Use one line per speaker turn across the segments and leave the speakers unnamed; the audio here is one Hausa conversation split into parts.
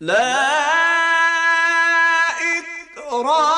لا إكراه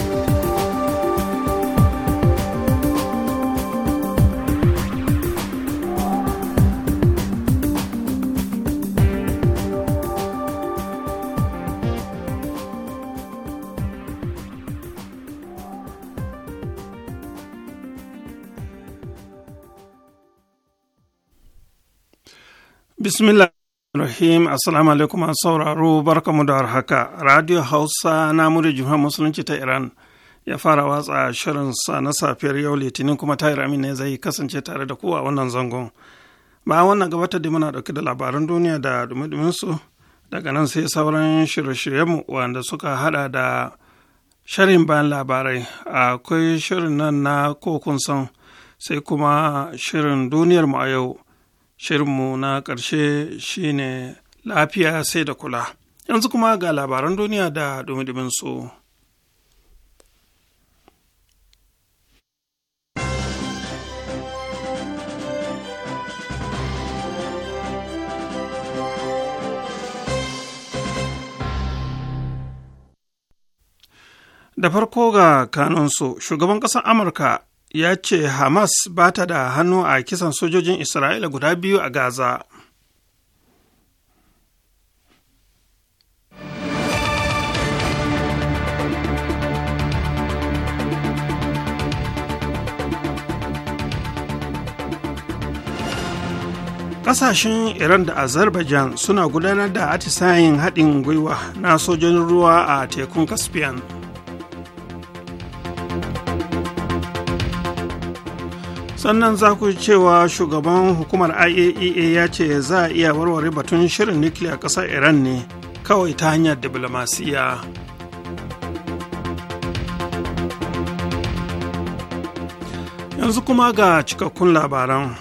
Bismillah Rahim, Assalamu alaikum an sauraro barkamu da warhaka. Radio Hausa na muri jihar Musulunci ta Iran ya fara watsa shirinsa na safiyar yau Litinin kuma ta Amin ne zai kasance tare da kowa wannan zangon. Ba wannan ta da muna dauke da labaran duniya da dumudumin su daga nan sai sauran shirye-shiryenmu wanda suka hada da shirin bayan labarai akwai shirin nan na kokun san sai kuma shirin duniyar mu a yau. Shirinmu na ƙarshe shine lafiya sai da kula. Yanzu kuma ga labaran duniya da dumi su. Da farko ga kanunsu, shugaban ƙasar Amurka ya ce Hamas ba ta da hannu a kisan sojojin Isra'ila guda biyu a Gaza. Ƙasashen Iran da Azerbaijan suna gudanar da atisayin haɗin gwiwa na sojojin ruwa a tekun Caspian. sannan za ku cewa shugaban hukumar iaea e ya ce za a iya warware batun shirin nukiliya ƙasar iran ne kawai ta hanyar diflomasiyya yanzu kuma ga cikakkun labaran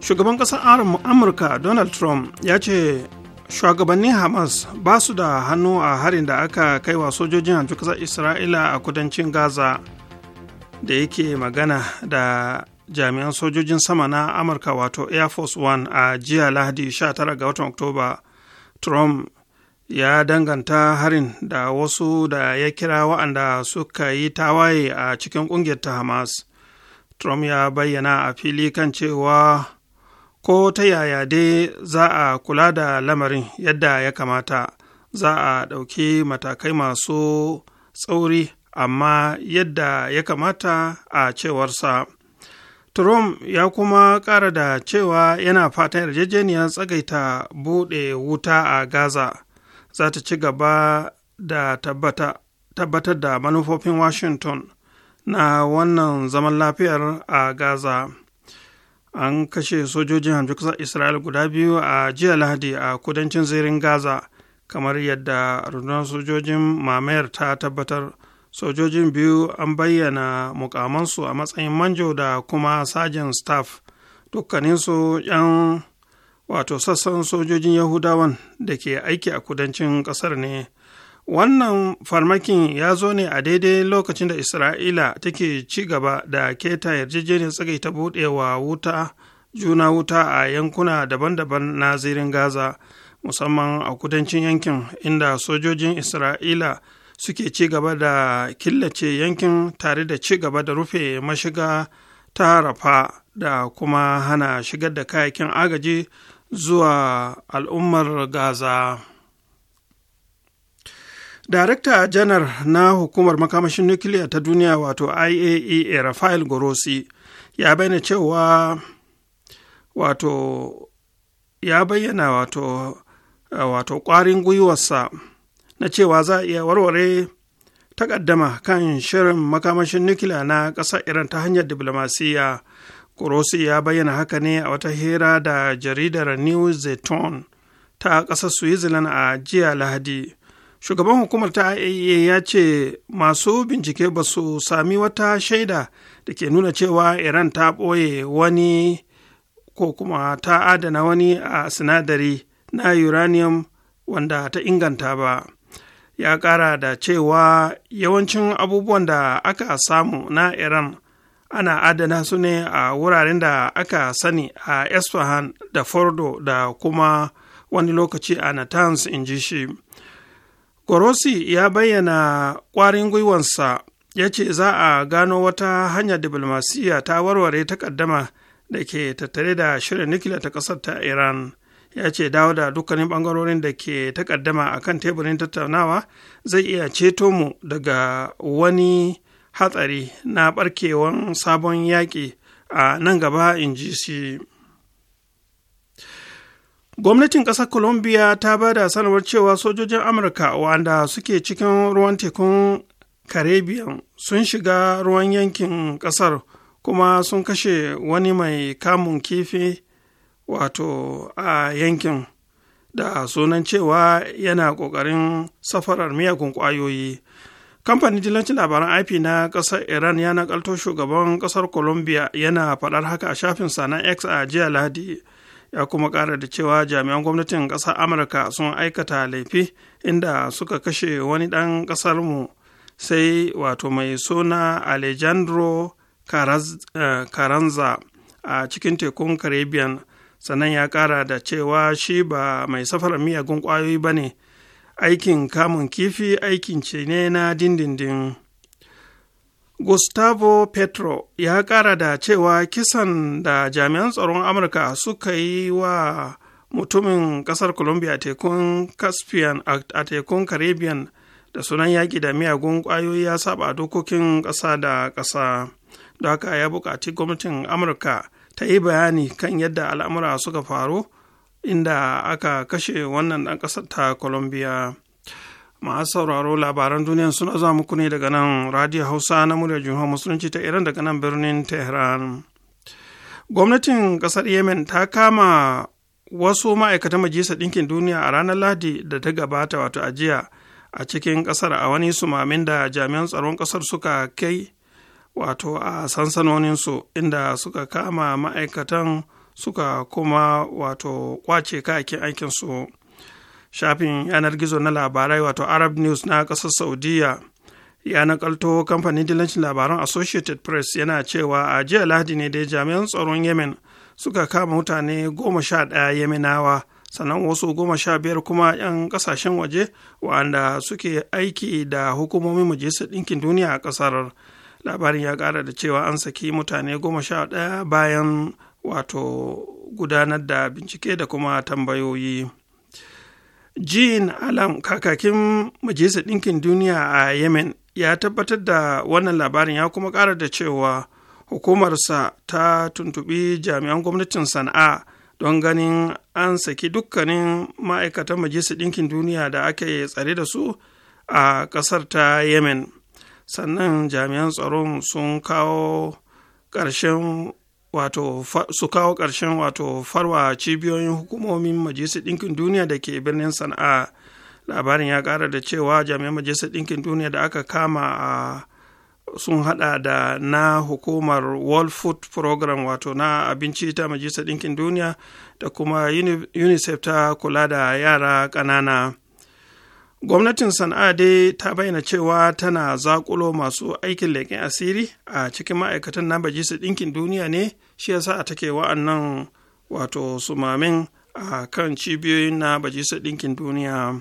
shugaban ƙasar amurka donald trump ya ce shugabannin hamas ba su da hannu a harin da aka kai wa sojojin hancu ƙasar isra'ila a kudancin gaza da yake magana da jami'an sojojin sama na amurka wato air force one a jiya lahadi 19 ga watan oktoba trump ya danganta harin da wasu da ya kira wa'anda suka yi tawaye a cikin ƙungiyar ta hamas trump ya bayyana a fili kan cewa ko ta yaya dai za a kula da lamarin yadda ya kamata za a ɗauki matakai masu tsauri amma yadda ya kamata a cewarsa Trump ya kuma ƙara da cewa yana fatan yarjejeniyar tsagaita buɗe wuta a Gaza za ta ci gaba da tabbatar da manufofin Washington na wannan zaman lafiyar a Gaza. An kashe sojojin hamjikusa Isra'il guda biyu a jiya Lahadi a kudancin zirin Gaza, kamar yadda rundunar sojojin mamayar ta tabbatar. sojojin biyu an bayyana mukamansu a matsayin manjo da kuma sajin staff dukkaninsu 'yan wato sassan sojojin yahudawan da ke aiki a kudancin kasar ne wannan farmakin ya zo ne a daidai lokacin da isra'ila take ci gaba da keta yarjejeniyar tsagai ta buɗewa wuta juna wuta a yankuna daban-daban na zirin gaza musamman a kudancin yankin inda sojojin isra'ila suke ci gaba da killace yankin tare da ci gaba da rufe mashiga ta rafa da kuma hana shigar da kayakin agaji zuwa al'ummar gaza darakta janar na hukumar makamashin nukiliya ta duniya wato iaea e rafael gorosi ya bayyana cewa wato ya bayyana wato kwarin gwiwarsa na cewa za a iya warware takaddama kan shirin makamashin nukiliya na ƙasar iran ta hanyar diplomasiya kurosi ya bayyana haka ne a wata hira da jaridar new zealand ta ƙasar switzerland a jiya lahadi shugaban hukumar ta iaea e ya ce masu bincike ba su sami wata shaida da ke nuna cewa iran ta ɓoye wani ko kuma ta adana wani a sinadari na uranium wanda ta inganta ba ya ƙara da cewa yawancin abubuwan da aka samu na iran ana adana su ne a wuraren da aka sani a esfahan da fordo da kuma wani lokaci a natanz in ji shi gorosi ya bayyana ƙwarin gwiwansa ya ce za a gano wata hanyar diplomasiyya ta warware takaddama da ke tattare da shirin nukiliya ta ƙasar ta iran ya ce dawo da dukkanin bangarorin da ke takaddama a kan teburin tattaunawa zai iya ceto mu daga wani hatsari na barkewan sabon yaƙi a nan gaba in ji shi gwamnatin ƙasar colombia ta ba da sanarwar cewa sojojin amurka wanda suke cikin ruwan tekun caribbean sun shiga ruwan yankin ƙasar kuma sun kashe wani mai kamun kifi wato a yankin da sunan cewa yana ƙoƙarin safarar miyagun ƙwayoyi kamfanin jilancin labaran ip na ƙasar iran ya nakalto shugaban ƙasar colombia yana faɗar haka a shafin na x a jiya lahadi ya kuma ƙara da cewa jami'an gwamnatin ƙasar amurka sun aikata laifi inda suka kashe wani ɗan ƙasarmu sai wato mai suna alejandro Karaz, karanza eh, a cikin tekun caribbean sannan ya kara da cewa shi ba mai safarar miyagun kwayoyi ba ne aikin kamun kifi aikin ce ne na dindindin gustavo petro ya kara da cewa kisan da jami'an tsaron amurka suka yi wa mutumin kasar colombia tekun caspian a tekun caribbean da sunan yaƙi da miyagun ƙwayoyi ya saba dokokin ƙasa da ƙasa da haka ya buƙaci gwamnatin amurka ta yi bayani kan yadda al'amura suka faru inda aka kashe wannan ɗan ƙasar ta colombia masu sauraro labaran duniya suna zuwa muku ne daga nan radio hausa na muryar jihar musulunci ta iran daga nan birnin tehran gwamnatin ƙasar yemen ta kama wasu ma'aikatan majalisar ɗinkin duniya a ranar lahadi da ta gabata wato ajiya a cikin ƙasar a wani sumamin da jami'an tsaron ƙasar suka kai wato a sansanoninsu inda suka kama ma'aikatan suka kuma wato kwace kayakin aikinsu shafin yanar gizo na labarai wato arab news na ƙasar saudiya ya nakalto kamfanin dillancin labaran associated press yana cewa a jiya lahadi ne dai jami'an tsaron yemen suka kama mutane goma sha ɗaya yaminawa sannan wasu goma sha biyar kuma 'yan kasashen waje waɗanda suke aiki da hukumomin majalisar ɗinkin duniya a ƙasar labarin ya ƙara da cewa an saki mutane goma sha ɗaya bayan wato gudanar da bincike da kuma tambayoyi jean alam kakakin majalisar ɗinkin duniya a yemen ya tabbatar da wannan labarin ya kuma ƙara da cewa hukumarsa ta tuntubi jami'an gwamnatin sana'a don ganin an saki dukkanin ma'aikatan majalisar ɗinkin duniya da ake tsare da su a ƙasar ta yemen sannan jami'an tsaron sun kawo ƙarshen wato su kawo ƙarshen wato farwa cibiyoyin hukumomin majalisar ɗinkin duniya da ke birnin sana'a labarin ya ƙara da cewa jami'an majalisar ɗinkin duniya da aka kama a sun hada da na hukumar world food program wato na abinci ta majalisar ɗinkin duniya da kuma unicef ta kula da yara ƙanana gwamnatin sana'a dai ta bayyana cewa tana zakulo masu aikin leƙen asiri a cikin ma'aikatan na bajisa ɗinkin duniya ne shi yasa a take wa'annan wato sumamin a kan cibiyoyin na bajisa ɗinkin duniya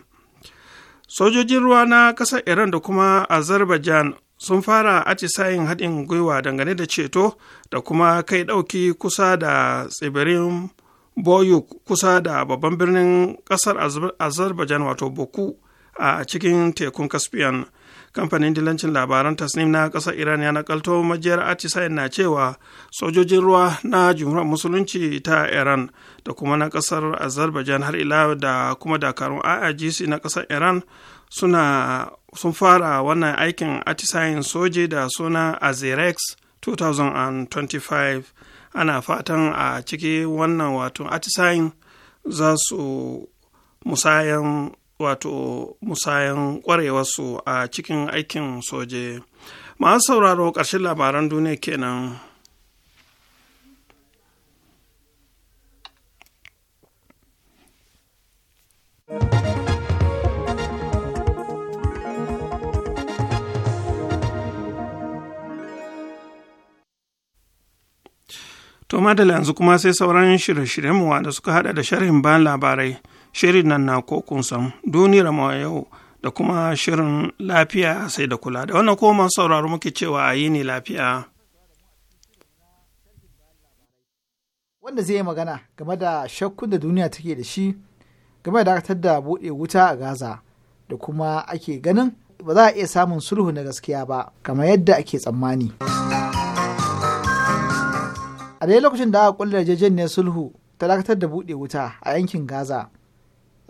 sojojin ruwa na ƙasar iran da kuma azerbaijan sun fara atisayin haɗin gwiwa dangane da ceto da kuma kai ɗauki kusa da tsibirin boyuk kusa da babban birnin ƙasar azerbaijan wato boku a cikin tekun caspian kamfanin dilancin labaran tasnim na ƙasar iran ya nakalto majiyar atisayen na cewa sojojin ruwa na jumhuriyar musulunci ta iran da kuma na ƙasar azerbaijan har ila da kuma dakarun irgc na ƙasar iran suna sun fara wannan aikin atisayen soje da suna azerex 2025 ana fatan a ciki wannan wato atisayen za su musayan wato musayan ƙwarewarsu a cikin aikin soje masu sauraro ƙarshen labaran duniya kenan To madalla yanzu kuma sai sauran shirye-shiryenmu wanda suka hada da sharhin bayan labarai shirin nan na kokun san duniyar ma yau da kuma shirin lafiya sai da kula da wannan masu sauraro muke cewa a yi ne lafiya.
Wanda zai yi magana game da shakkun da duniya take da shi game da dakatar da buɗe wuta a Gaza da kuma ake ganin ba za a iya samun sulhu na gaskiya ba kamar yadda ake tsammani. A daya lokacin da aka kulle ne sulhu ta dakatar da buɗe wuta a yankin Gaza.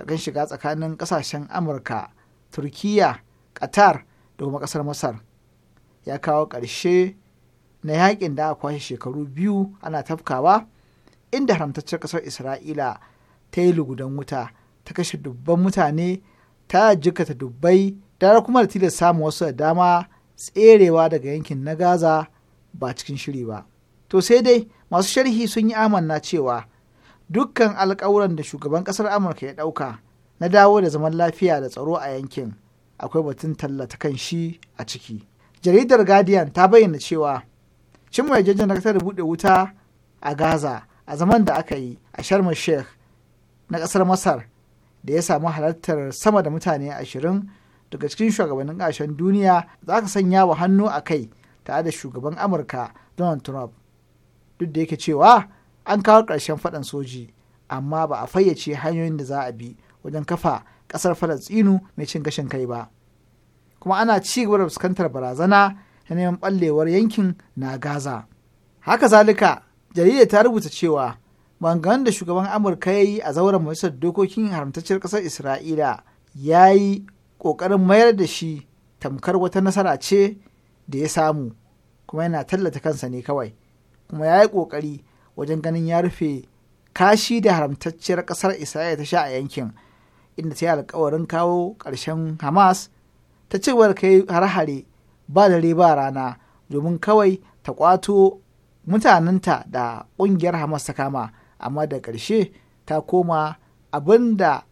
kan shiga tsakanin kasashen amurka turkiya qatar da kuma kasar masar ya kawo ƙarshe na yakin da aka kwashe shekaru biyu ana tafkawa inda haramtaccen kasar isra'ila ta yi lugudan wuta ta kashe dubban mutane ta jikata dubbai da kuma da tilasta samun wasu da dama tserewa daga yankin na gaza ba cikin shiri ba to sai dai masu sharhi sun yi amanna cewa dukkan alkawuran da shugaban kasar amurka ya dauka na dawo da zaman lafiya da tsaro a yankin akwai batun tallata kan shi a ciki jaridar guardian ta bayyana cewa cin mai na kasar buɗe wuta a gaza a zaman da aka yi a sharma sheikh na kasar masar da ya samu halartar sama da mutane ashirin daga cikin shugabannin ƙasashen duniya za ka sanya wa hannu a kai tare da shugaban amurka donald trump duk da yake cewa an kawo ƙarshen faɗan soji amma ba a fayyace hanyoyin da za a bi wajen kafa ƙasar falastinu mai cin gashin kai ba kuma ana ci gaba da fuskantar barazana na neman ɓallewar yankin na gaza haka zalika jarida ta rubuta cewa maganganun da shugaban amurka ya yi a zauren majalisar dokokin haramtacciyar ƙasar isra'ila ya yi ƙoƙarin mayar da shi tamkar wata nasara ce da ya samu kuma yana tallata kansa ne kawai kuma ya yi ƙoƙari wajen ganin ya rufe kashi da haramtacciyar ƙasar isra'ila ta sha a yankin inda ta yi alkawarin kawo ƙarshen hamas ta ci kai har hare ba dare ba rana domin kawai ta kwato mutanenta da ƙungiyar hamas ta kama amma da ƙarshe ta koma abinda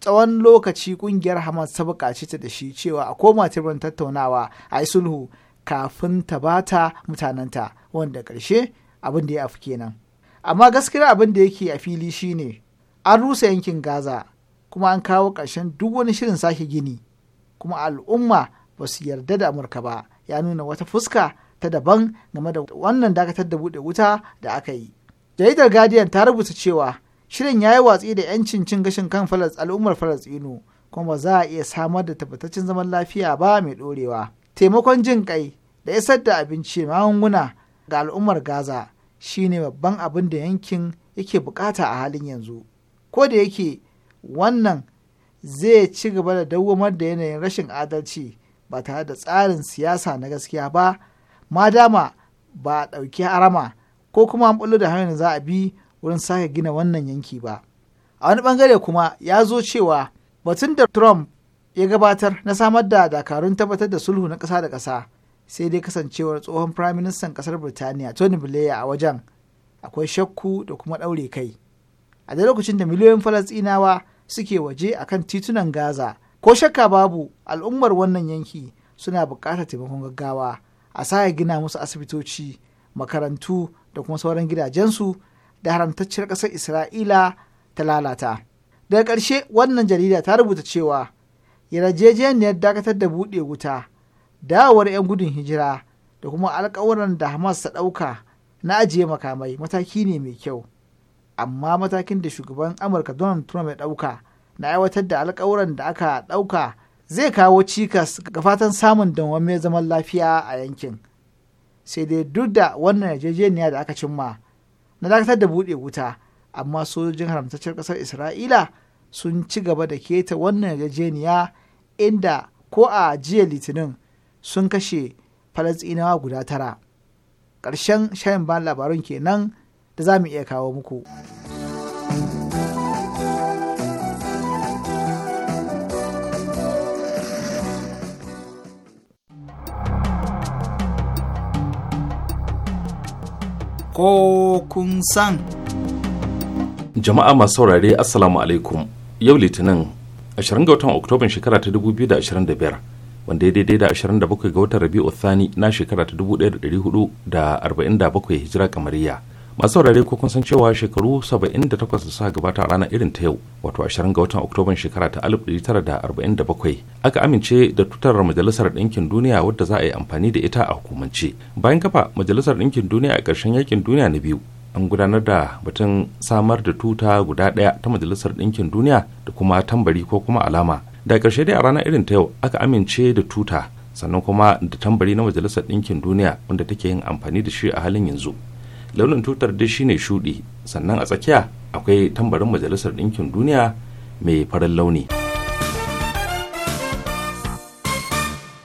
tsawon lokaci ƙungiyar hamas ta buƙaci ta da shi cewa a koma tirin tattaunawa a yi sulhu kafin ta bata mutanenta wanda ƙarshe abin da ya afi kenan amma gaskiyar abin da yake a fili shine an rusa yankin gaza kuma an kawo ƙarshen duk wani shirin sake gini kuma al'umma ba su yarda da amurka ba ya nuna wata fuska ta daban game da wannan dakatar da buɗe wuta da aka yi jaridar guardian ta rubuta cewa shirin ya yi watsi da yancin cin gashin kan Falas al'ummar falastinu kuma ba za a iya samar da tabbataccen zaman lafiya ba mai ɗorewa taimakon jin kai da isar da abinci magunguna ga al'ummar Gaza shine babban abin da yankin yake bukata a halin yanzu. Ko da yake wannan zai ci gaba da dawwamar da yanayin rashin adalci ba tare da tsarin siyasa na gaskiya ba, ma dama ba a ɗauki harama ko kuma an da hanyar za a bi wurin sake gina wannan yanki ba. A wani bangare kuma ya zo cewa batun da Trump ya gabatar na samar da dakarun tabbatar da sulhu na ƙasa da ƙasa sai dai kasancewar tsohon firaministan kasar birtaniya tony blair a wajen akwai shakku da kuma ɗaure kai a da lokacin da miliyoyin falasɗinawa suke waje a kan titunan gaza ko shakka babu al'ummar wannan yanki suna buƙatar taimakon gaggawa a sa gina musu asibitoci makarantu da kuma sauran gidajensu da haramtacciyar ƙasar isra'ila ta lalata daga ƙarshe wannan jarida ta rubuta cewa yarjejeniyar dakatar da buɗe wuta dawowar 'yan gudun hijira da kuma alkawuran da hamas ta ɗauka na ajiye makamai mataki ne mai kyau amma matakin da shugaban amurka donald trump ya ɗauka na aiwatar da alkawuran da aka ɗauka zai kawo cikas ga fatan samun dawwammai zaman lafiya a yankin sai dai duk da wannan yarjejeniya da aka cimma na dakatar da buɗe wuta amma sojojin haramtaccen ƙasar isra'ila sun ci gaba da keta wannan yarjejeniya inda ko a jiya litinin sun kashe falasɗinawa guda tara ƙarshen shayin ba labarun kenan da za mu iya kawo muku. ko kun san.
Jama'a masu saurare Assalamu alaikum yau Litinin 20 ga watan Oktoban shekara ta wanda ya daidai da 27 ga watan rabi'u thani na shekara ta 1447 hijira kamariya masu saurare ko kun san cewa shekaru 78 da suka gabata a ranar irin ta yau wato 20 ga watan oktoban shekara ta 1947 aka amince da tutar majalisar ɗinkin duniya wadda za a yi amfani da ita a hukumance bayan kafa majalisar ɗinkin duniya a ƙarshen yakin duniya na biyu an gudanar da batun samar da tuta guda ɗaya ta majalisar ɗinkin duniya da kuma tambari ko kuma alama da ƙarshe dai a ranar irin ta yau aka amince da tuta sannan kuma da tambari na majalisar ɗinkin duniya wanda take yin amfani da shi a halin yanzu launin tutar dai shine shuɗi sannan a tsakiya akwai tambarin majalisar ɗinkin duniya mai farin launi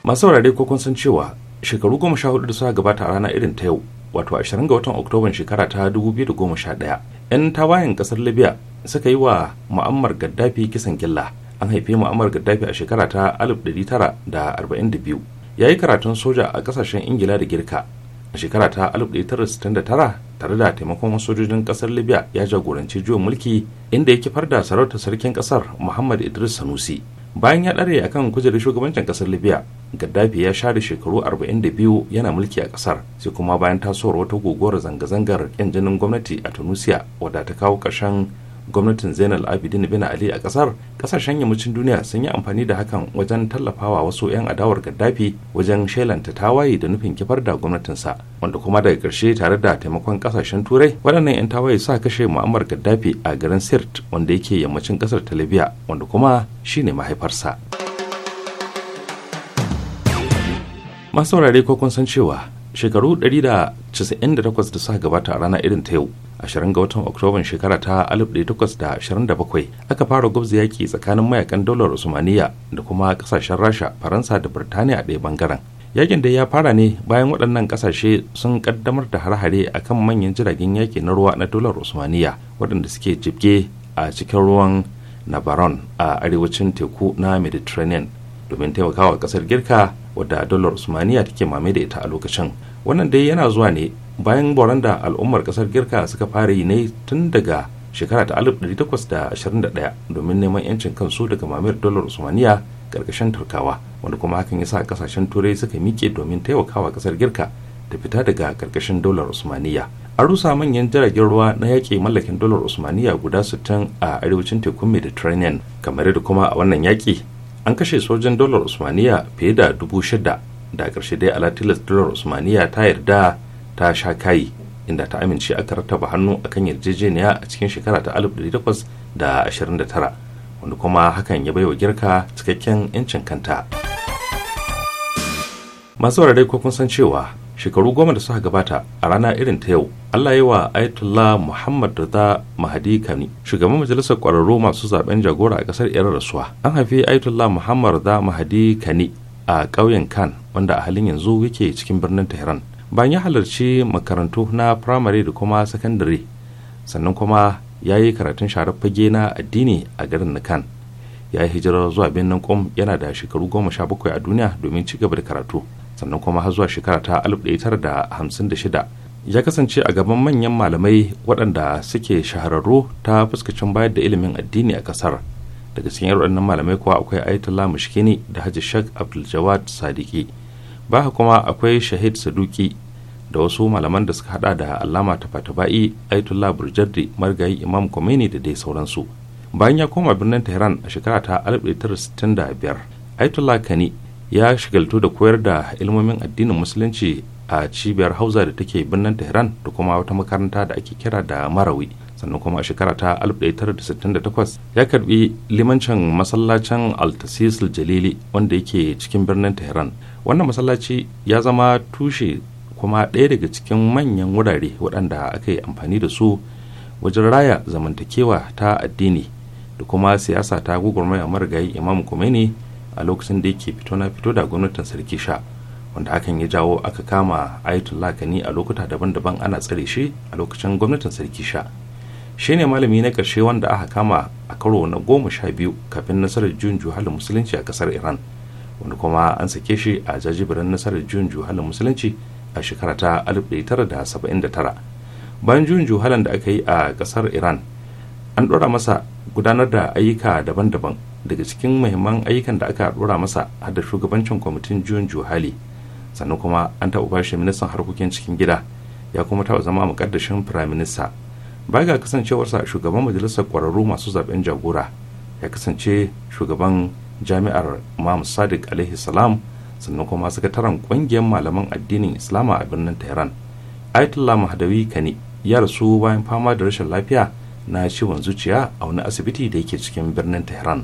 masu wurare ko kun san cewa shekaru goma sha hudu da suka gabata a ranar irin ta yau wato ashirin ga watan oktoban shekara ta 2011 'yan tawayen kasar libya suka yi wa mu'ammar gaddafi kisan gilla an haife mu'ammar gaddafi a shekara ta 1942 ya yi karatun soja a kasashen ingila da girka a shekara ta 1969 tare da taimakon sojojin kasar libya ya jagoranci juyin mulki inda ya kifar da sarautar sarkin kasar muhammad idris sanusi bayan ya ɗare a kan kujerar shugabancin kasar libya gaddafi ya share shekaru 42 yana mulki a kasar sai kuma bayan tasowar wata guguwar zanga-zangar yan jinin gwamnati a tunisia wadda ta kawo ƙarshen gwamnatin zainal abidin bin ali a kasar kasashen yammacin duniya sun yi amfani da hakan wajen tallafawa wasu 'yan adawar gaddafi wajen shelanta tawaye da nufin kifar da gwamnatinsa wanda kuma daga karshe tare da taimakon kasashen turai waɗannan 'yan tawaye sa kashe mu'ammar gaddafi a garin sirt wanda yake yammacin kasar ta wanda kuma shine mahaifarsa masu saurare ko kun san cewa shekaru 198 da suka gabata a rana irin ta yau 20 ga watan oktoban shekara ta 1827 aka fara gwabza yaki tsakanin mayakan daular usmaniya da kuma ƙasashen rasha faransa da birtaniya ɗaya bangaren yakin da ya fara ne bayan waɗannan ƙasashe sun ƙaddamar da hare-hare a kan manyan jiragen yaki na ruwa na dolar usmaniya waɗanda suke jibge a cikin ruwan navarone a arewacin teku na mediterranean domin taimakawa ƙasar girka wadda dolar usmaniya take mame da ita a lokacin wannan dai yana zuwa ne bayan boran da al'ummar kasar girka suka fara yi ne tun daga shekara ta 1821 domin neman yancin kansu daga mamayar dolar usmaniya karkashin turkawa wanda kuma hakan ya sa kasashen turai suka miƙe domin taimakawa kasar girka ta fita daga karkashin dolar usmaniya an rusa manyan jiragen ruwa na yaƙi mallakin dolar usmaniya guda 60 a arewacin tekun mediterranean kamar da kuma a wannan yaƙi an kashe sojan dolar usmaniya fiye da dubu shida da ƙarshe dai ala tilas dolar usmaniya ta yarda ta sha kai inda ta amince aka rattaba hannu a kan yarjejeniya a cikin shekara ta 1829 wanda kuma hakan ya baiwa girka cikakken 'yancin kanta masu warare ko kun san cewa shekaru goma da suka gabata a rana irin ta yau allah yi wa ayatollah muhammad rida mahadi kani shugaban majalisar kwararru masu zaben jagora a kasar iran rasuwa an haifi ayatollah muhammad da mahadi kani a ƙauyen kan wanda a halin yanzu yake cikin birnin tehran bayan ya halarci makarantu na firamare da kuma sakandare sannan kuma ya yi karatun sharar fage na addini a garin nakan ya yi hijirar zuwa birnin kum yana da shekaru goma sha bakwai a duniya domin ci gaba da karatu sannan kuma har zuwa shekara ta alif ɗaya tara da hamsin da shida ya kasance a gaban manyan malamai waɗanda suke shahararru ta fuskacin bayar da ilimin addini a kasar daga cikin waɗannan malamai kuwa akwai ayatollah mushkini da haji shak abdul jawad sadiki ba kuma akwai shahid saduki da wasu malaman da suka hada da alama tafatabai aitullah burjardi margayi imam komeni da dai sauransu bayan ya koma birnin tehran a shekara ta 1965 aitullah kani ya shigaltu da koyar da ilmomin addinin musulunci a cibiyar hausa da take birnin tehran da kuma wata makaranta da ake kira da marawi sannan kuma a shekara ta 1968 ya karbi limancin masallacin altasisul jalili wanda yake cikin birnin tehran wannan masallaci ya zama tushe kuma ɗaya daga cikin manyan wurare waɗanda aka yi amfani da su wajen raya zamantakewa ta addini da kuma siyasa ta gugurmaya marigayi imam ne a lokacin da yake fito na fito da gwamnatin sarki sha wanda hakan ya jawo aka kama ayatollah lakani a lokuta daban-daban ana tsare shi a lokacin gwamnatin sarki sha shi ne malami na karshe wanda aka kama a karo na goma sha biyu kafin nasarar juyin juhalin musulunci a ƙasar iran wanda kuma an sake shi a jajibirin nasarar juyin juhalin musulunci a shekara ta 1979 bayan juyin juhalan da aka yi a kasar iran an ɗora masa gudanar da ayyuka daban-daban daga cikin muhimman ayyukan da aka ɗora masa har shugabancin kwamitin juyin juhali sannan kuma an taɓa bashi ministan harkokin cikin gida ya kuma taɓa zama mukaddashin firaminista ba ga kasancewarsa shugaban majalisar kwararru masu zaben jagora ya kasance shugaban jami'ar mamu sadiq alaihi salam sannan kuma sakataren kungiyar malaman addinin islama a birnin tehran ayatollah mahdawi kane ya rasu bayan fama da rashin lafiya na ciwon zuciya a wani asibiti da yake cikin birnin tehran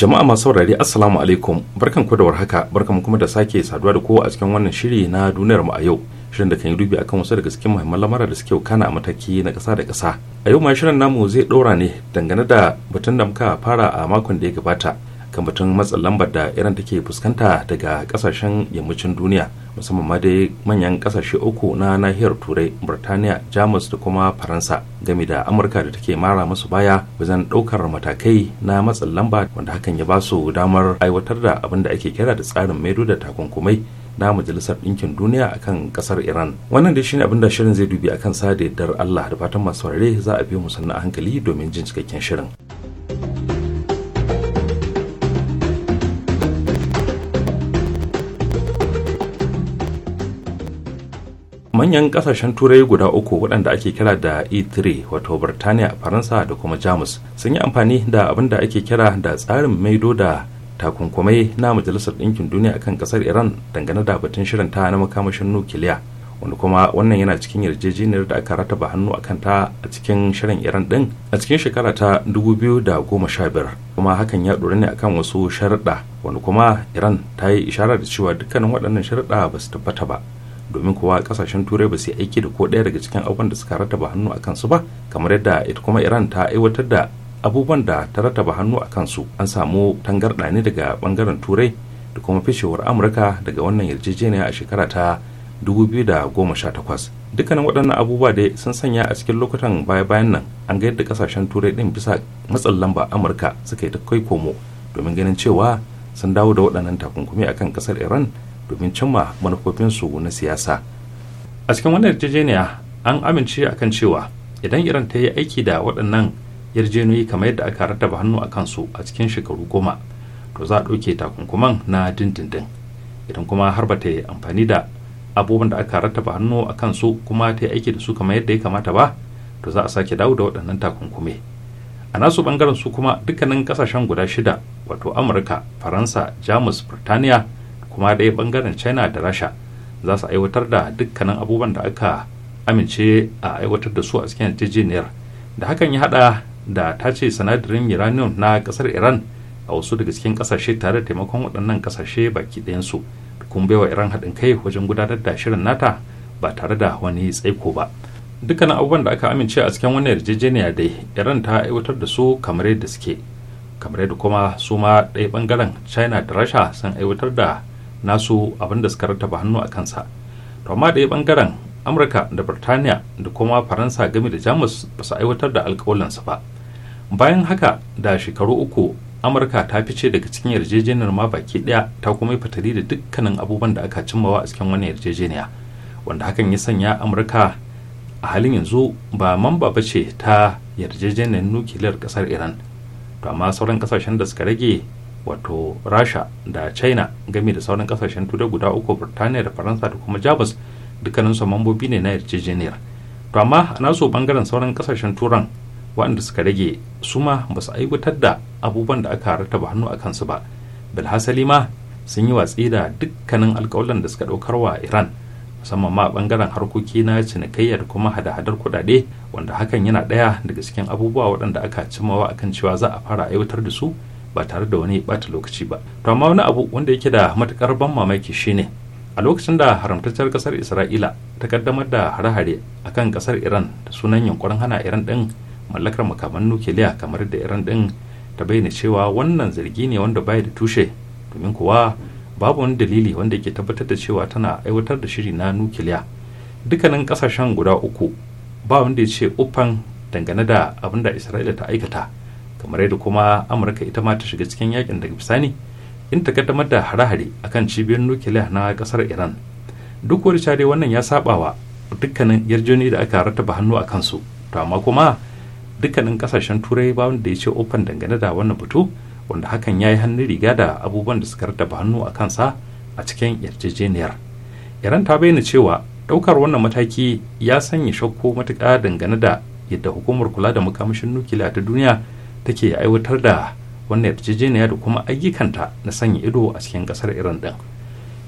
Jama'a masu saurari Assalamu alaikum barkan ku da warhaka barkan kuma da sake saduwa da kowa a cikin wannan shiri na duniyar mu a yau shirin da kan yi dubi akan wasu daga cikin muhimman lamara da suke kana a mataki na ƙasa da kasa A yau ma shirin namu zai ɗora ne dangane da batun da muka fara a makon da ya gabata kamatun matsin lambar da iran take fuskanta daga kasashen yammacin duniya musamman ma dai manyan kasashe uku na nahiyar turai burtaniya jamus da kuma faransa game da amurka da take mara masu baya wajen daukar matakai na matsin lamba wanda hakan ya ba su damar aiwatar da abin da ake kira da tsarin maido da takunkumai na majalisar ɗinkin duniya a kan ƙasar iran wannan dai shine abin da shirin zai dubi akan sa da yardar allah da fatan masu za a bi mu sannan a hankali domin jin cikakken shirin. manyan kasashen turai guda uku waɗanda ake kira da e3 wato birtaniya faransa da kuma jamus sun yi amfani da abin da ake kira da tsarin maido da takunkumai na majalisar ɗinkin duniya akan ƙasar iran dangane da batun shirin ta na makamashin nukiliya wanda kuma wannan yana cikin yarjejeniyar da aka rataba hannu a kanta a cikin shirin iran din a cikin shekara ta 2015 kuma hakan ya ɗori ne akan wasu sharaɗa wanda kuma iran ta yi ishara da cewa dukkanin waɗannan sharaɗa ba su tabbata ba domin kuwa kasashen turai ba su yi aiki da ko ɗaya daga cikin abubuwan da suka rataba hannu a kansu ba kamar yadda ita kuma iran ta aiwatar da abubuwan da ta rataba hannu a kansu an samu tangarɗa ne daga bangaren turai da kuma fishewar amurka daga wannan yarjejeniya a shekara ta 2018 dukkanin waɗannan abubuwa dai sun sanya a cikin lokutan baya-bayan nan an ga yadda kasashen turai ɗin bisa matsin lamba amurka suka yi ta kai komo domin ganin cewa sun dawo da waɗannan takunkumi akan ƙasar iran domin cimma manufofinsu na siyasa a cikin wannan yarjejeniya an amince a kan cewa idan iran ta yi aiki da waɗannan yarjejeniyoyi kamar yadda aka rattaba hannu a kansu a cikin shekaru goma to za a ɗauke takunkuman na dindindin idan kuma har ba ta yi amfani da abubuwan da aka rattaba hannu a kansu kuma ta yi aiki da su kamar yadda ya kamata ba to za a sake dawo da waɗannan takunkumi. a nasu bangaren su kuma dukkanin ƙasashen guda shida wato amurka faransa jamus burtaniya kuma ɗaya bangaren china da rasha za su aiwatar da dukkanin abubuwan da aka amince a aiwatar da su a cikin yarjejeniyar da hakan ya hada da ta ce sinadarin uranium na kasar iran a wasu daga cikin kasashe tare da taimakon waɗannan kasashe baki ɗayansu da kuma baiwa iran haɗin kai wajen gudanar da shirin nata ba tare da wani tsaiko ba dukkanin abubuwan da aka amince a cikin wannan yarjejeniya dai iran ta aiwatar da su kamar yadda suke kamar yadda kuma su ma ɗaya bangaren china da rasha sun aiwatar da nasu abin da suka ba hannu a kansa to amma ɗaya bangaren amurka da birtaniya da kuma faransa game da jamus ba su aiwatar da alkawalinsu ba bayan haka da shekaru uku amurka ta fice daga cikin yarjejeniyar ma baki ɗaya ta kuma yi fatali da dukkanin abubuwan da aka cimmawa a cikin wani yarjejeniya wanda hakan ya sanya amurka a halin yanzu ba mamba ba ce ta yarjejeniyar nukiliyar ƙasar iran to amma sauran kasashen da suka rage wato rasha da china gami da sauran kasashen turai guda uku birtaniya da faransa da kuma dukkanin dukkaninsu mambobi ne na yarjejeniyar to amma a so bangaren sauran kasashen turan waɗanda suka rage su ma ba su aiwatar da abubuwan da aka rataba hannu a kansu ba bilhassali ma sun yi watsi da dukkanin alkawalan da suka ɗaukar wa iran musamman ma bangaren harkoki na cinikayya da kuma hada-hadar kuɗaɗe wanda hakan yana ɗaya daga cikin abubuwa waɗanda aka cimawa akan cewa za a fara aiwatar da su ba tare da wani bata lokaci ba to amma wani abu wanda yake da matukar ban mamaki shine a lokacin da haramtacciyar kasar isra'ila ta kaddamar da hare-hare akan kasar iran da sunan yunkurin hana iran din mallakar makaman nukiliya kamar da iran din ta bayyana cewa wannan zargi ne wanda baya da tushe domin kuwa babu wani dalili wanda yake tabbatar da cewa tana aiwatar da shiri na nukiliya dukkanin kasashen guda uku ba wanda ya ce uffan dangane da abin da isra'ila ta aikata kamar yadda kuma amurka ita ma ta shiga cikin yakin daga bisani in ta kaddamar da hare-hare akan cibiyar nukiliya na kasar iran duk wani share wannan ya saba wa dukkanin yarjoni da aka rattaba hannu a kansu to amma kuma dukkanin kasashen turai ba wanda ya ce open dangane da wannan batu wanda hakan ya yi hannun riga da abubuwan da suka rattaba hannu a kansa a cikin yarjejeniyar iran ta bayyana cewa daukar wannan mataki ya sanya shakku matuƙa dangane da yadda hukumar kula da makamashin nukiliya ta duniya take aiwatar da wannan yarjejeniya da kuma ayyukanta na sanya ido a cikin kasar iran din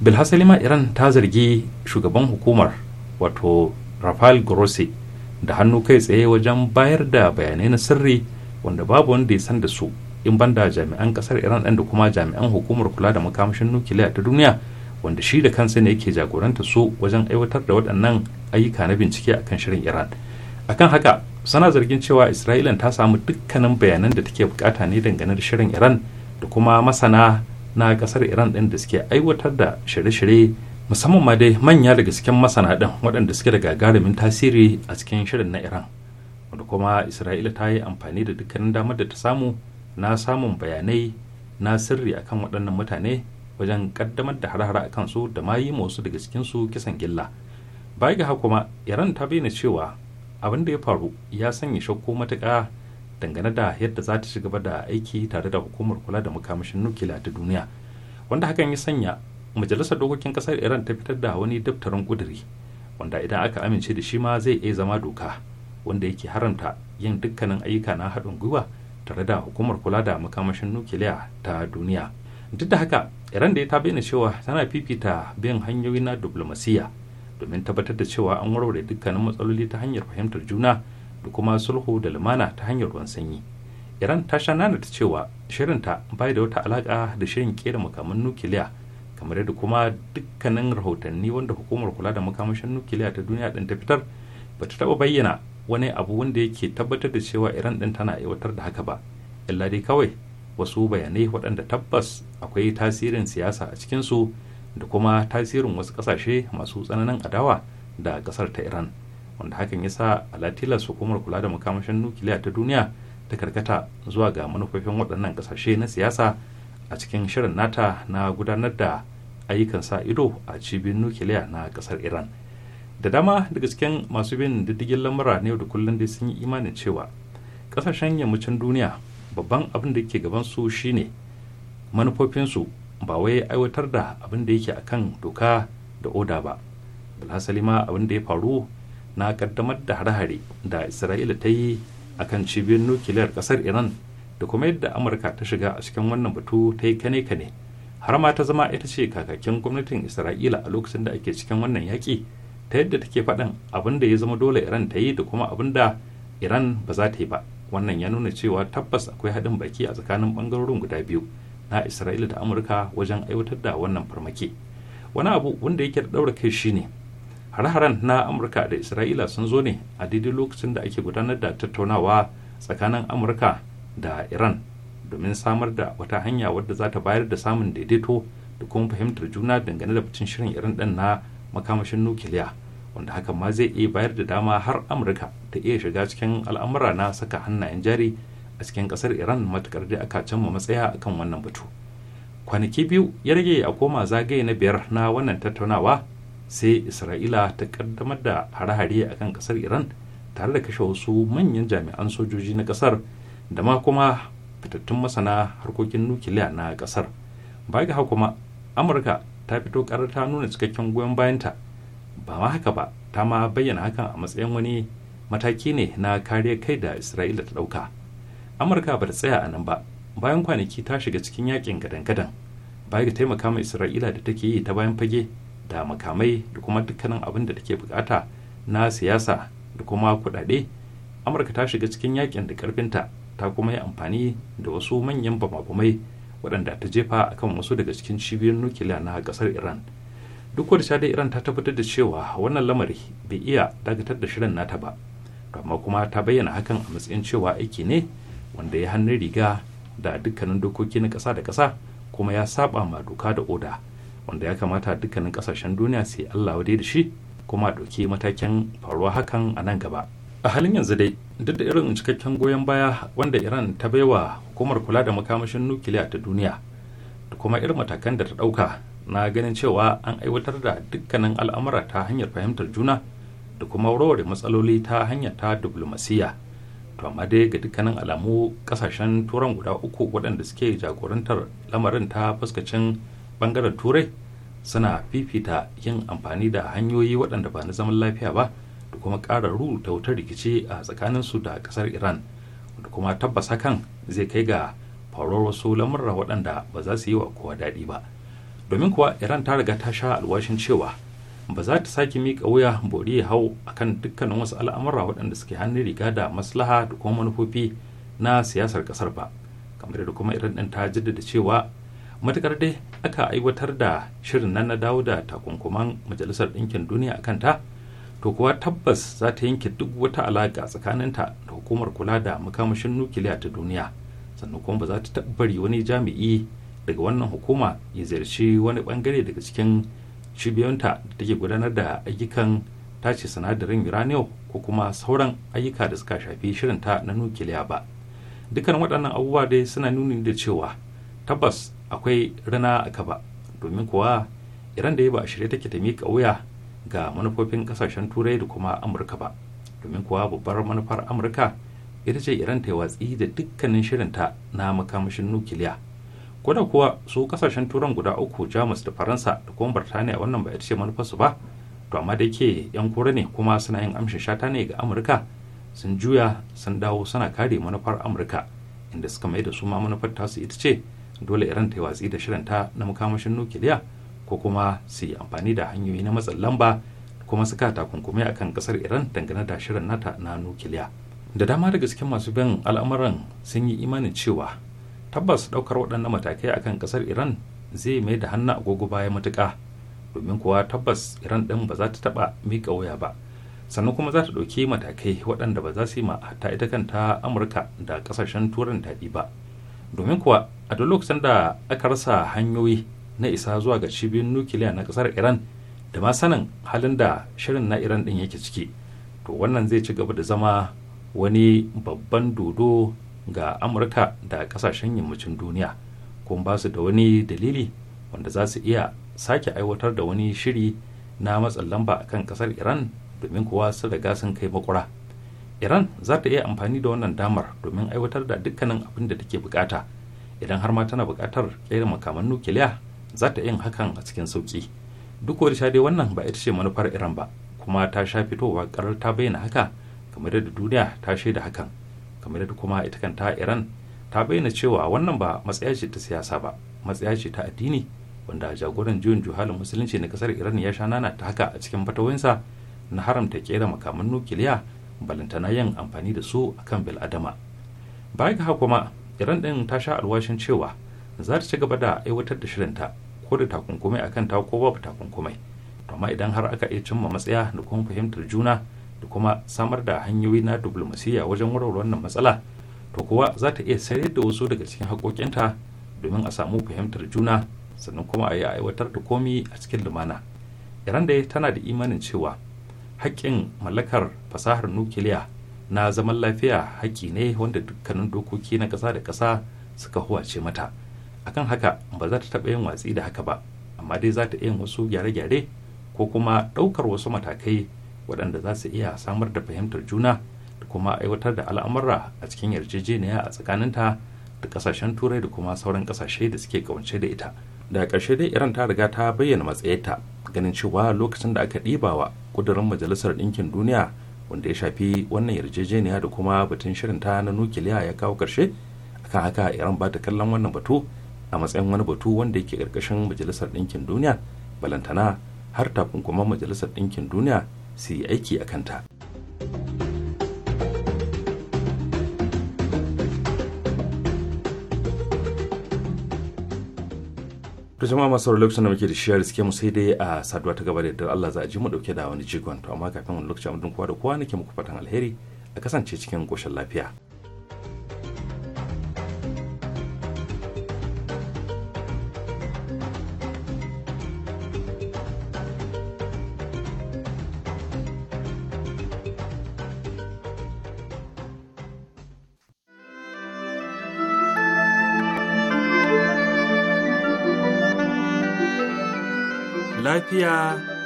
bilhassali iran ta zargi shugaban hukumar wato rafael grossi da hannu kai tsaye wajen bayar da bayanai na sirri wanda babu wanda ya san da su in banda jami'an kasar iran din da kuma jami'an hukumar kula da makamashin nukiliya ta duniya wanda shi da kansa ne yake jagoranta su wajen aiwatar da waɗannan ayyuka na bincike akan shirin iran akan haka sana zargin cewa isra'ila ta samu dukkanin bayanan da take bukata ne dangane da shirin iran da kuma masana na kasar iran din da suke aiwatar da shirye-shirye musamman ma dai manya daga cikin masana din waɗanda suke da gagarumin tasiri a cikin shirin na iran wanda kuma isra'ila ta yi amfani da dukkanin damar da ta samu na samun bayanai na sirri akan waɗannan mutane wajen kaddamar da harhara hara a kansu da ma yi wasu daga su kisan gilla bai ga kuma iran ta bayyana cewa abin da ya faru ya sanya shakku matuƙa dangane da yadda za ta ci gaba da aiki tare da hukumar kula da makamashin nukiliya ta duniya wanda hakan ya sanya majalisar dokokin kasar iran ta fitar da wani daftarin kuduri wanda idan aka amince da shi ma zai iya zama doka wanda yake haramta yin dukkanin ayyuka na haɗin gwiwa tare da hukumar kula da makamashin nukiliya ta duniya duk da haka iran da ya ta bayyana cewa tana fifita bin hanyoyi na diplomasiyya domin tabbatar da cewa an warware dukkanin matsaloli ta hanyar fahimtar juna da kuma sulhu da lumana ta hanyar ruwan sanyi iran ta sha nana ta cewa shirinta bai da wata alaka da shirin kera makaman nukiliya kamar yadda kuma dukkanin rahotanni wanda hukumar kula da makamashin nukiliya ta duniya din ta fitar ba ta taɓa bayyana wani abu wanda yake tabbatar da cewa iran din tana aiwatar da haka ba illa dai kawai wasu bayanai waɗanda tabbas akwai tasirin siyasa a cikinsu da kuma tasirin wasu kasashe masu tsananin adawa da kasar ta iran wanda hakan ya sa alatilas hukumar kula da makamashin nukiliya ta duniya ta karkata zuwa ga manufofin waɗannan kasashe na siyasa a cikin shirin nata na gudanar da ayyukan sa ido a cibin nukiliya na kasar iran da dama daga cikin masu bin diddigin lamura ne da kullum dai sun yi imanin cewa kasashen yammacin duniya babban abin da ke gaban su shine manufofinsu ba wai aiwatar da abin da yake a kan doka da oda ba bilhassali ma abin da ya faru na kaddamar da hare-hare da isra'ila ta yi a kan cibiyar nukiliyar kasar iran da kuma yadda amurka ta shiga a cikin wannan batu ta yi kane-kane har ma ta zama ita ce kakakin gwamnatin isra'ila a lokacin da ake cikin wannan yaƙi ta yadda take faɗin abin da ya zama dole iran ta yi da kuma abin da iran ba za ta yi ba wannan ya nuna cewa tabbas akwai haɗin baki a tsakanin ɓangarorin guda biyu na isra'ila da amurka wajen aiwatar da wannan farmaki wani abu wanda yake da daura kai shine hare-haren na amurka da isra'ila sun zo ne a daidai lokacin da ake gudanar da tattaunawa tsakanin amurka da iran domin samar da wata hanya wadda za ta bayar da samun daidaito da kuma fahimtar juna dangane da batun shirin iran din na makamashin nukiliya wanda hakan ma zai iya bayar da dama har amurka ta iya shiga cikin al'amura na saka hannayen jari a cikin kasar iran matukar da aka mu matsaya akan wannan batu kwanaki biyu ya rage a koma zagaye na biyar na wannan tattaunawa sai isra'ila ta kaddamar da hare-hare akan kasar iran tare da kashe wasu manyan jami'an sojoji na kasar da ma kuma fitattun masana harkokin nukiliya na kasar baya ga kuma amurka ta fito karar ta nuna cikakken goyon bayanta ba ma haka ba ta ma bayyana hakan a matsayin wani mataki ne na kariyar kai da isra'ila ta ɗauka amurka ba ta tsaya a nan ba bayan kwanaki ta shiga cikin yakin gadan-gadan baya ga taimaka ma isra'ila da take yi ta bayan fage da makamai da kuma dukkanin abin da take bukata na siyasa da kuma kudade amurka ta shiga cikin yakin da karfinta ta kuma yi amfani da wasu manyan bamabamai waɗanda ta jefa a kan wasu daga cikin cibiyoyin nukiliya na ƙasar iran duk wadda sha iran ta tabbatar da cewa wannan lamari bai iya dakatar da shirin nata ba amma kuma ta bayyana hakan a matsayin cewa aiki ne wanda ya hannun riga da dukkanin dokoki na ƙasa da ƙasa kuma ya saba ma doka da oda wanda ya kamata dukkanin ƙasashen duniya su yi allah wadai da shi kuma a ɗauki matakin faruwa hakan a nan gaba a halin yanzu dai duk da irin cikakken goyon baya wanda iran ta bai wa hukumar kula da makamashin nukiliya ta duniya da kuma irin matakan da ta ɗauka na ganin cewa an aiwatar da dukkanin al'amura ta hanyar fahimtar juna da kuma warware matsaloli ta hanyar ta diflomasiyya to amma dai ga dukkanin alamu kasashen turan guda uku waɗanda suke jagorantar lamarin ta fuskacin bangaren turai suna fifita yin amfani da hanyoyi waɗanda ba na zaman lafiya ba da kuma ƙara ta wutar rikici a tsakanin su da ƙasar iran da kuma tabbas hakan zai kai ga faruwar wasu lamurra waɗanda ba za su yi wa kowa daɗi ba domin kuwa iran ta riga ta sha alwashin cewa ba za ta sake mika wuya bori ya hau a kan dukkanin wasu al'amura waɗanda suke hannun riga da maslaha da kuma manufofi na siyasar ƙasar ba kamar da kuma irin ɗin ta jaddada cewa matuƙar dai aka aiwatar da shirin nan na dawo da takunkuman majalisar ɗinkin duniya akan ta to kuwa tabbas za ta yanke duk wata alaƙa tsakaninta da hukumar kula da makamashin nukiliya ta duniya sannan kuma ba za ta bari wani jami'i daga wannan hukuma ya ziyarci wani bangare daga cikin cibiyonta da take gudanar da ayyukan tace sinadarin uranium ko kuma sauran ayyuka da suka shafi shirinta na nukiliya ba dukkan waɗannan abubuwa dai suna nuni da cewa tabbas akwai rana a kaba domin kuwa iran da ya ba a shirye take ta miƙa wuya ga manufofin ƙasashen turai da kuma amurka ba domin kuwa babbar manufar amurka ita ce iran ta yi watsi da dukkanin shirinta na makamashin nukiliya ko da kuwa su kasashen turan guda uku jamus da faransa da kuma birtaniya wannan ba ita ce su ba to amma da ke yan kura ne kuma suna yin amshin shata ne ga amurka sun juya sun dawo suna kare manufar amurka inda suka mai da su ma manufar tasu ita ce dole iran ta yi watsi da shirinta na mukamashin nukiliya ko kuma su yi amfani da hanyoyi na matsin lamba kuma suka a kan kasar iran dangane da shirin nata na nukiliya da dama daga cikin masu bin al'amuran sun yi imanin cewa tabbas daukar waɗannan matakai akan ƙasar iran zai mai da hannu agogo baya matuka domin kuwa tabbas iran ɗin ba za ta taɓa miƙa wuya ba sannan kuma za ta ɗauki matakai waɗanda ba za su yi ma hatta ita kanta amurka da ƙasashen turan daɗi ba domin kuwa a duk lokacin da aka rasa hanyoyi na isa zuwa ga cibiyoyin nukiliya na ƙasar iran da ma sanin halin da shirin na iran ɗin yake ciki to wannan zai ci gaba da zama wani babban dodo ga amurka da kasashen yammacin duniya kuma ba su da wani dalili wanda za su iya sake aiwatar da wani shiri na matsan lamba a kan kasar iran domin kuwa su riga sun kai makura iran za ta iya amfani da wannan damar domin aiwatar da dukkanin abin da take bukata idan har ma tana bukatar kera makaman nukiliya za ta yin hakan a cikin sauki duk wani sha dai wannan ba ita ce manufar iran ba kuma ta sha fitowa karar ta bayyana haka kamar da duniya ta shaida hakan kamar yadda kuma ita kanta iran ta bayyana cewa wannan ba matsaya ce ta siyasa ba matsaya ce ta addini wanda jagoran juyin juhalin musulunci na kasar iran ya sha nana ta haka a cikin fatawoyinsa na haramta kera makaman nukiliya balantana yin amfani da su akan bil'adama baya ga kuma iran din ta sha alwashin cewa za ta ci gaba da aiwatar da shirinta ko da takunkumai akan ta ko babu takunkumai amma idan har aka iya cimma matsaya da kuma fahimtar juna da kuma samar da hanyoyi na diplomasiya wajen warware wannan matsala to kuwa za ta iya sayar da wasu daga cikin haƙoƙinta domin a samu fahimtar juna sannan kuma a yi aiwatar da komi a cikin lumana iran dai tana da imanin cewa haƙƙin mallakar fasahar nukiliya na zaman lafiya haƙƙi ne wanda dukkanin dokoki na ƙasa da ƙasa suka huwace mata akan haka ba za ta taɓa yin watsi da haka ba amma dai za ta yin wasu gyare-gyare ko kuma ɗaukar wasu matakai waɗanda za su iya samar da fahimtar juna da kuma aiwatar da al'amurra a cikin yarjejeniya a tsakaninta da ƙasashen turai da kuma sauran ƙasashe da suke kawance da ita daga ƙarshe dai iran ta riga ta bayyana matsayinta ganin cewa lokacin da aka ɗiba wa ƙudurin majalisar ɗinkin duniya wanda ya shafi wannan yarjejeniya da kuma batun shirin ta na nukiliya ya kawo ƙarshe akan haka iran ba ta kallon wannan batu a matsayin wani batu wanda yake ƙarƙashin majalisar ɗinkin duniya balantana har takunkuman majalisar ɗinkin duniya su yi aiki a kanta to jama'a masu lokacin da muke da shiyar suke mu sai dai a saduwa ta gaba da yadda Allah za a ji mu dauke da wani jigon to amma kafin wani lokacin abin kowa da kowa nake muku fatan alheri a kasance cikin koshin lafiya.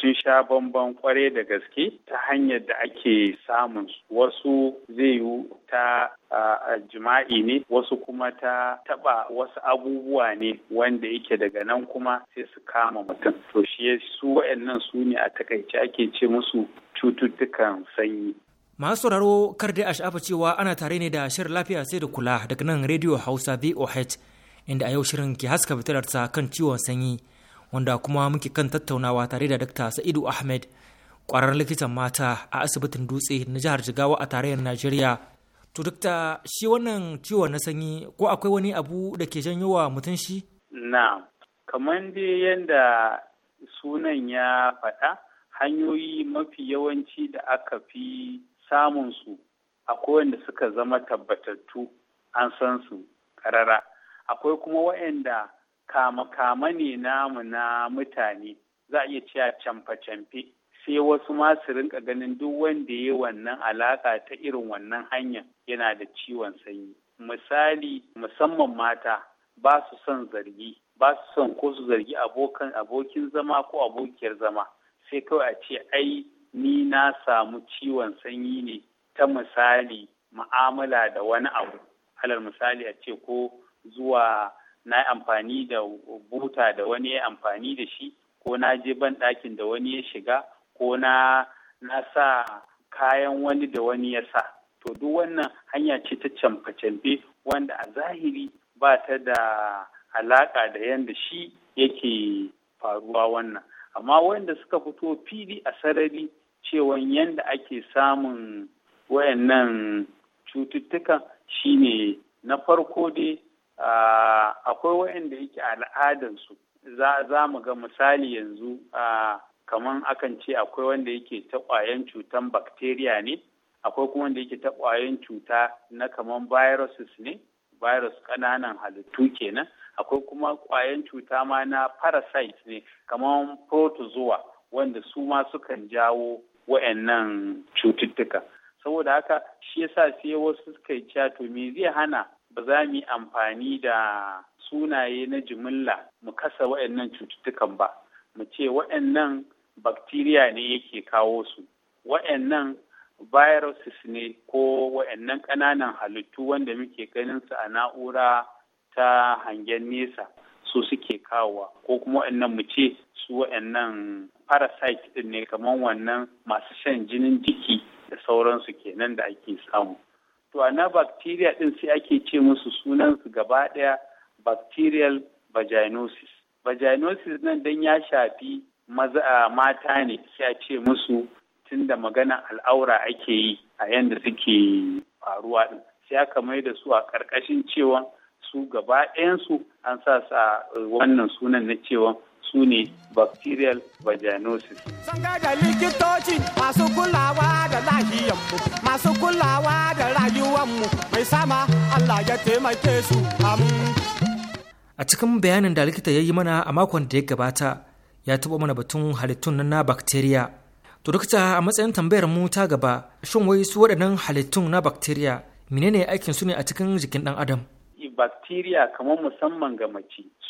sun sha bamban kware da gaske ta hanyar da ake samun wasu zai yi ta jima'i ne wasu kuma ta taba wasu abubuwa ne wanda yake daga nan kuma sai su kama mutum to shi su waɗannan su ne a takaice ake ce musu cututtukan sanyi
masu sauraro kar dai a sha'afa cewa ana tare ne da shirin lafiya sai da kula daga nan rediyo hausa voh inda a yau shirin ke haska fitilarsa kan ciwon sanyi wanda kuma muke kan tattaunawa tare da Dr. Sa'idu Ahmed kwarar likitan mata a asibitin dutse na jihar Jigawa a tarayyar Najeriya. To Dr. shi wannan ciwon na sanyi ko akwai wani abu da ke janyo wa mutum shi?
Na, kamar dai yadda sunan ya faɗa hanyoyi mafi yawanci da aka fi samun su akwai wanda suka zama tabbatattu an san su karara akwai kuma waɗanda kama-kama ne namu na mutane za a iya cewa camfe-camfe sai wasu ma su rinka ganin duk wanda ya wannan alaka ta irin wannan hanya yana da ciwon sanyi misali musamman mata ba su son zargi ba su son ko su zargi abokan abokin zama ko abokiyar zama sai kawai a ce ai ni na samu ciwon sanyi ne ta misali mu'amala da wani abu alal misali a ce ko zuwa na amfani da buta da wani ya amfani da shi ko na je ban ɗakin da wani ya shiga ko na sa kayan wani da wani ya sa to duk wannan hanya ce ta camfe-camfe wanda a zahiri ba ta da alaƙa da yadda shi yake faruwa wannan amma wanda suka fito fili a sarari cewan yadda ake samun wayannan cututtukan shine na farko dai Ah, akwai waɗanda yake al'adansu za mu ga misali yanzu ah, kamar akan ce akwai wanda yake ta ƙwayan cutan bakteriya ne akwai kuma wanda yake ta ƙwayan cuta na kamar viruses ne virus ƙananan halittu kenan akwai kuma ƙwayan cuta ma na parasite ne kamar protozoa wanda su ma sukan jawo wa'annan cututtuka saboda haka shi yasa sai wasu suka yi to me zai hana ba za mu yi amfani da sunaye na jimilla mu kasa waɗannan cututtukan ba mu ce waɗannan bakteriya ne yake kawo su waɗannan viruses ne ko waɗannan ƙananan halittu wanda muke ganin su a na'ura ta hangen nesa su suke kawowa ko kuma waɗannan mu ce su waɗannan parasite ne kamar wannan masu shan jinin jiki da sauransu kenan da ake samu to na bacteria din sai ake ce musu sunansu gaba ɗaya bacterial vaginosis vaginosis nan dan ya shafi maza mata ne sai a ce musu tun da magana al'aura ake yi a yadda suke faruwa din sai aka mai da su a ƙarƙashin cewa su gaba ɗayansu an sa sa eh, wannan sunan na cewa su ne bacterial vaginosis. da likitoci masu kulawa da lahiyanmu, masu kulawa da rayuwanmu mai sama Allah ya taimake su
A cikin bayanin da likita ya yi mana a makon da ya gabata, ya taɓa mana batun halittun na bakteriya. To dokta a matsayin tambayar mu ta gaba, shin wai su waɗannan halittun na bakteriya menene aikin su ne a cikin jikin ɗan adam?
Bakteriya kamar musamman ga mace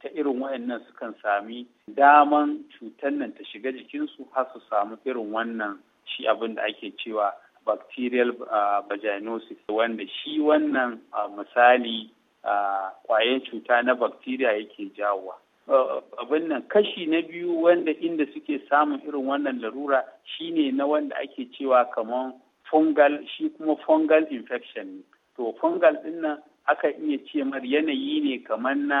ta irin wayannan sukan sami daman cutar nan ta shiga jikinsu har su samu irin wannan shi abin da ake cewa bacterial ah, vaginosis wanda shi wannan ah, misali kwayan ah, cuta na bacteria yake jawowa abin nan kashi na biyu wanda inda suke samun irin wannan larura shine na wanda ake cewa kamar fungal shi kuma fungal infection to fungal din aka iya ce mar yanayi ne kamar na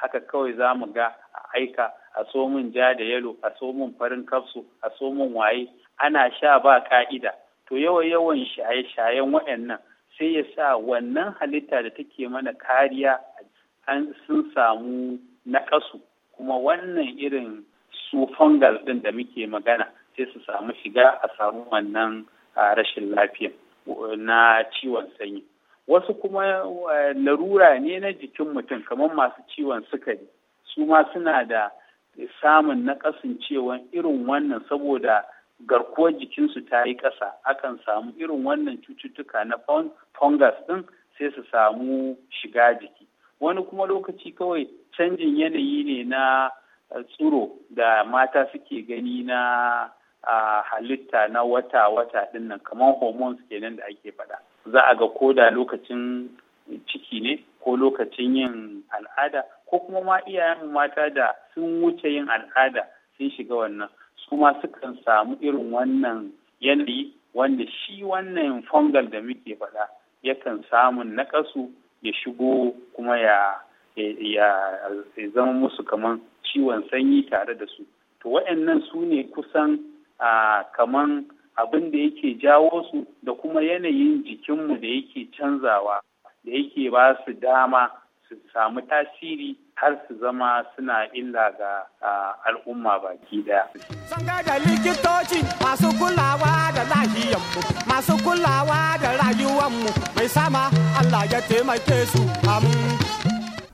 haka kawai za mu ga a aika a so ja da yalo a so farin kafsu a so waye ana sha ba ka'ida to yawan yawan shaye-shayen waɗannan sai ya sa wannan halitta da take mana kariya an sun samu naƙasu kuma wannan irin su fungal ɗin da muke magana sai su samu shiga a samu wannan rashin lafiya na ciwon sanyi. wasu kuma eh, larura ne na jikin mutum kamar masu ciwon sukari su ma suna da samun na kasancewan irin wannan saboda garkuwar jikinsu ta yi ƙasa akan samu irin wannan cututtuka na fungus ɗin sai su samu shiga jiki wani kuma lokaci kawai canjin yanayi ne na eh, tsiro da mata suke gani na ah, halitta na wata-wata ɗinnan kamar hormones kenan da ake faɗa. za a ga ko da lokacin ciki ne ko lokacin yin al'ada ko kuma ma iyayen mata da sun wuce yin al'ada sun shiga wannan su ma sukan samu irin wannan yanayi wanda shi wannan fungal da muke faɗa yakan samun naƙasu ya shigo kuma ya ya zama musu kaman ciwon sanyi tare da su to waɗannan su ne kusan ah, kaman abin da yake jawo su da kuma yanayin jikinmu da yake canzawa da yake ba su dama su samu tasiri har su zama suna illa ga al'umma baki daya. Sun da likitoci masu kulawa da lahiyanmu, masu kulawa da rayuwanmu mai sama Allah ya taimake su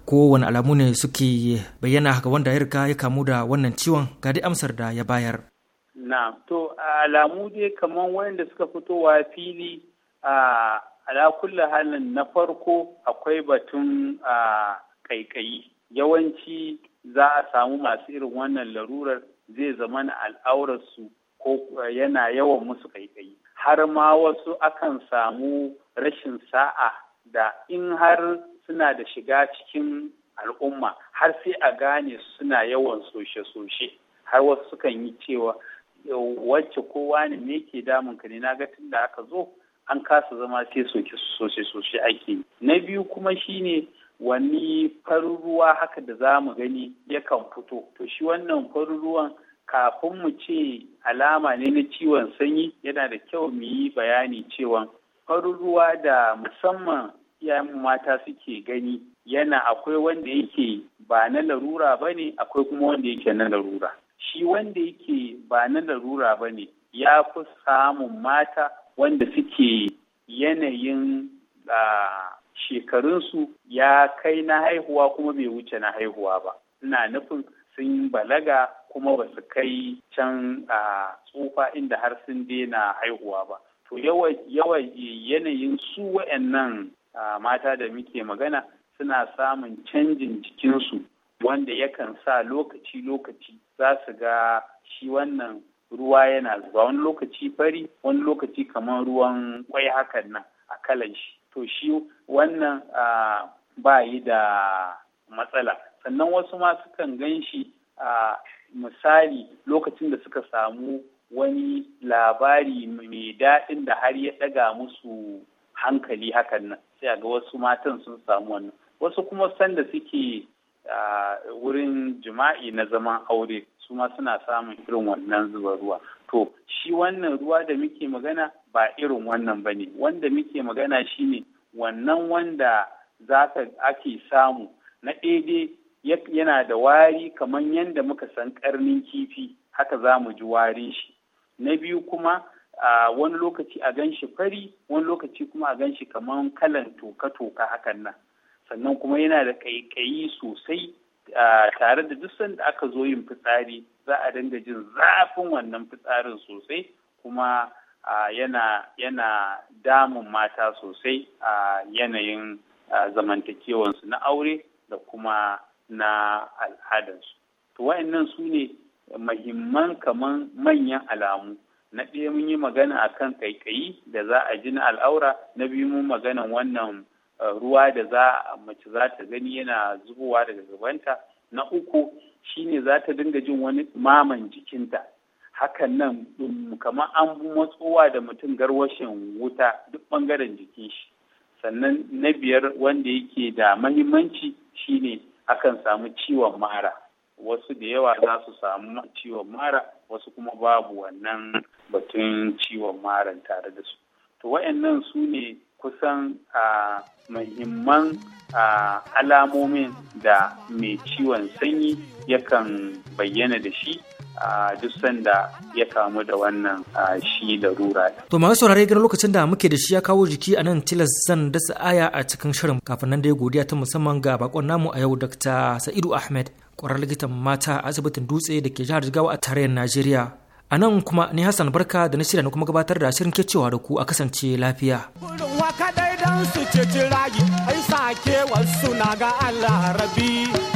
Kowane alamu ne suke bayyana ga wanda ya riga ya kamu da wannan ciwon gadi amsar da ya bayar.
na to alamu dai kamar wanda suka fitowa fili a alakulla halin na farko akwai batun a kaikayi yawanci za a samu masu irin wannan larurar zai zama na al'aurarsu ko yana yawan musu kaikayi har ma wasu akan samu rashin sa'a da in har suna da shiga cikin al'umma har sai a gane suna yawan soshe-soshe har wasu sukan yi cewa wacce kowa ne me ke damun ka ne naga tun da aka zo an kasa zama sai soke sosai sosai ake na biyu kuma shine wani farin ruwa haka da za mu gani yakan fito to shi wannan farin ruwan kafin mu ce alama ne na ciwon sanyi yana da kyau mu yi bayani cewa farin ruwa da musamman iyayen mata suke gani yana akwai wanda yake ba na larura ba ne akwai kuma wanda yake na larura shi wanda yake ba na larura ba ne ya fi samun mata wanda suke yanayin shekarunsu ya kai na haihuwa kuma bai wuce na haihuwa ba ina nufin sun balaga kuma ba su kai can a tsufa inda har sun daina haihuwa ba to yawa yanayin su wa'annan mata da muke magana suna samun canjin jikinsu wanda yakan sa lokaci-lokaci za su ga shi wannan ruwa yana zuwa. wani lokaci fari wani lokaci kamar ruwan kwai hakan nan a kalan shi to shi wannan ba yi da matsala sannan wasu ma sukan gan shi a misali lokacin da suka samu wani labari mai daɗin da har ya ɗaga musu hankali hakan nan sai a ga wasu matan sun samu wannan wasu kuma sanda suke wurin jima'i na zaman aure su ma suna samun irin wannan zuba ruwa to shi wannan ruwa da muke magana ba irin wannan ba ne wanda muke magana shine wannan wanda za ka ake samu na daidai yana da wari kamar yadda muka san karnin kifi haka za mu ji warin shi na biyu kuma a wani lokaci a gan shi fari wani lokaci kuma a gan shi kamar kalan toka-toka hakan nan sannan kuma yana da kaikayi sosai a tare da duk sanda aka zo yin fitsari za a dinga jin zafin wannan fitsarin sosai kuma yana yana damun mata sosai a yanayin zamantakewansu na aure da kuma na al'adarsu to wa'annan su ne mahimman kaman manyan alamu na ɗaya mun yi magana akan kaikayi da za a ji na al'aura na biyu mun magana wannan Eh, ruwa da za mace za ta gani yana zubowa daga gabanta na uku shine za ta dinga jin wani maman jikinta hakan nan kamar an matsowa da mutum garwashin wuta duk bangaren jikin shi sannan na biyar wanda yake da mahimmanci shine akan samu ciwon mara wasu da yawa za su samu ciwon mara wasu kuma babu wannan batun ciwon maran tare da su to wayannan su ne kusan a muhimman alamomin da mai ciwon sanyi yakan bayyana da shi a duk sanda ya kamu da wannan shi da rura.
To masu saurare ganin lokacin da muke da shi ya kawo jiki a nan tilas zan dasa aya a cikin shirin kafin nan da ya godiya ta musamman ga bakon namu a yau Dr. Sa'idu Ahmed, kwarar likitan mata a asibitin dutse da ke jihar Jigawa a tarayyar Najeriya. A nan kuma ni Hassan Barka da na shirya na kuma gabatar da shirin cewa da ku a kasance lafiya.
Kurin waka dan su ce rayu, ai sake wasu na ga Allah rabi.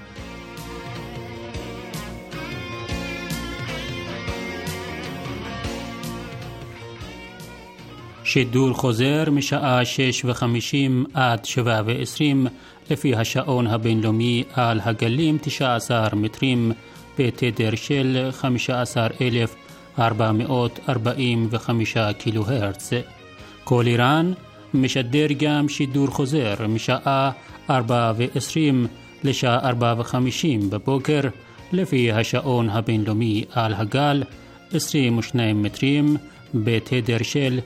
שידור חוזר משעה 6:50 עד 7:20 לפי השעון הבינלאומי על הגלים 19 מטרים בתדר של 15,445 קילו הרץ. כל איראן משדר גם שידור חוזר משעה 4:20 לשעה 4:50 בבוקר לפי השעון הבינלאומי על הגל 22 מטרים בתדר של